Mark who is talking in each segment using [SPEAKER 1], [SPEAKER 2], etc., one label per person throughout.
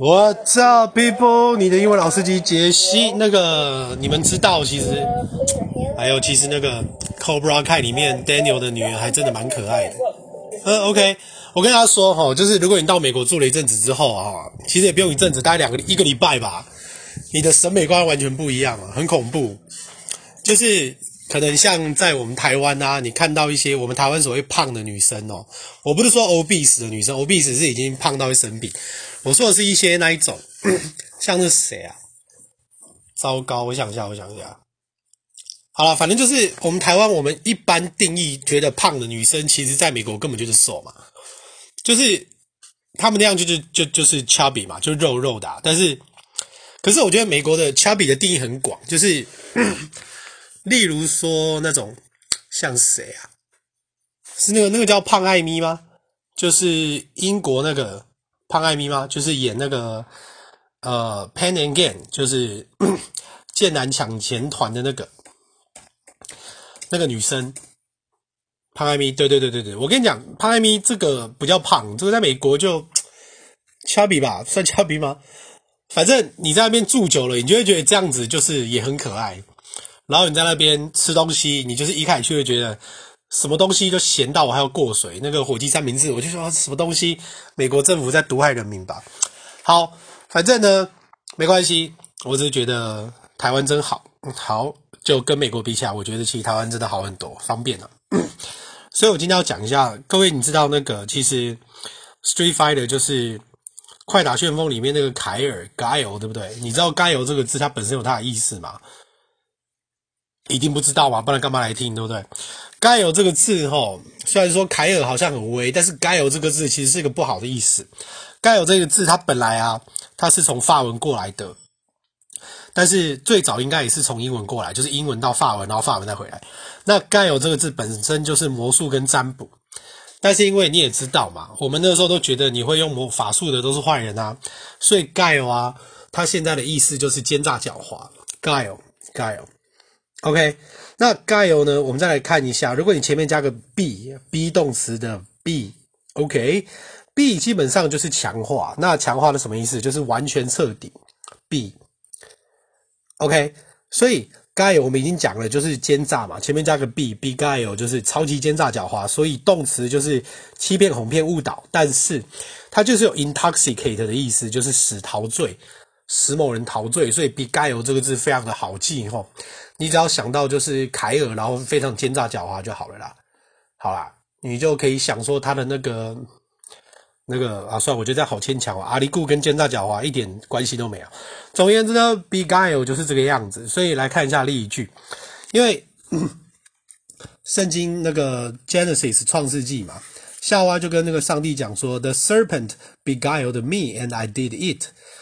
[SPEAKER 1] What's up, people? 你的英文老師機傑西，那個你們知道，其實還有其實那個 Cobra Kai 裡面 Daniel 的女兒還真的蠻可愛的。嗯，okay，我跟大家說哈，就是如果你到美國住了一陣子之後啊，其實也不用一陣子，大概兩個一個禮拜吧，你的審美觀完全不一樣了，很恐怖，就是。可能像在我們台灣啊，你看到一些我們台灣所謂胖的女生哦，我不是說 obese 的女生，obese 是已經胖到會生病，我說的是一些那一種，像是誰啊？糟糕，我想一下，我想一下。好了，反正就是我們台灣我們一般定義覺得胖的女生，其實在美國根本就是瘦嘛，就是他們那樣就是就就，就是 chubby 嘛，就肉肉的啊。但是，可是我覺得美國的 chubby 的定義很廣，就是。 例如說那種像誰啊？是那個那個叫胖艾米嗎？就是英國那個胖艾米嗎？就是演那個呃《Pain and Gain》，就是，就是健男搶錢團的那個那個女生胖艾米。對對對對對，我跟你講，胖艾米這個比較胖，這個在美國就、呃、Chubby 吧算 Chubby 嗎？反正你在那邊住久了，你就會覺得這樣子就是也很可愛。然後你在那邊吃東西，你就是一開始就會覺得什麼東西都鹹到我還要過水。那個火雞三明治，我就說什麼東西？美國政府在毒害人民吧？好，反正呢，沒關係，我只是覺得台灣真好。好，就跟美國比起來，我覺得其實台灣真的好很多，方便了、啊。 所以我今天要講一下，各位，你知道那個其實《Street Fighter》就是《快打旋風》裡面那個凱爾 Guile 對不對？你知道 Guile 這個字它本身有它的意思嗎？一定不知道嘛，不然幹嘛來聽，對不對？Guile 這個字吼，雖然說凱爾好像很威，但是 Guile 這個字其實是一個不好的意思。Guile 這個字，它本來啊，它是從法文過來的，但是最早應該也是從英文過來，就是英文到法文，然後法文再回來。那 Guile 這個字本身就是魔術跟占卜，但是因為你也知道嘛，我們那個時候都覺得你會用魔法術的都是壞人啊，所以 Guile 啊，它現在的意思就是奸詐狡猾。Guile，Guile。OK，那 guile 呢？我們再來看一下，如果你前面加個 be，be 動詞的 be，OK，be，okay，基本上就是強化。那強化的什麼意思？就是完全徹底。be，OK，okay，所以 guile 我們已經講了，就是奸詐嘛，前面加個 be，be guile 就是超級奸詐狡猾。所以動詞就是欺騙、哄騙、誤導，但是它就是有 intoxicate 的意思，就是使陶醉。使某人陶醉，所以 “beguile” 這個字非常的好記吼、哦。你只要想到就是凱爾，然後非常奸詐狡猾就好了啦。好啦，你就可以想說他的那個那個啊，算了，我覺得這樣好牽強啊。阿裡固跟奸詐狡猾一點關係都沒有。總言之呢，“beguile” 就是這個樣子。所以來看一下例句，因為、嗯、聖經那個《Genesis》創世紀嘛，夏娃、啊、就跟那個上帝講說：“The serpent beguiled me, and I did it。”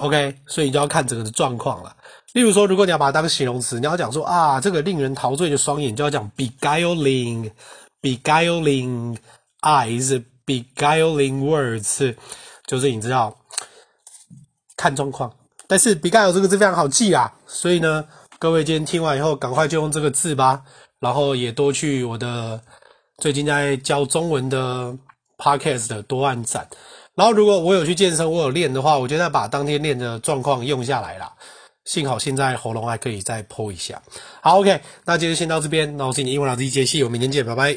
[SPEAKER 1] OK，所以你就要看整個的狀況了。例如說，如果你要把它當形容詞，你要講說啊，這個令人陶醉的雙眼，就要講 beguiling，beguiling eyes，beguiling、啊、beguiling words，就是你知道看狀況。但是 beguiling 這個字非常好記啊，所以呢，各位今天聽完以後，趕快就用這個字吧，然後也多去我的最近在教中文的 podcast 的多按讚。然後，如果我有去健身，我有練的話，我決定把當天練的狀況用下來啦，幸好現在喉嚨還可以再破一下。好，OK，今天先到這邊。那我是你的英文老師機傑西，我們明天見，拜拜。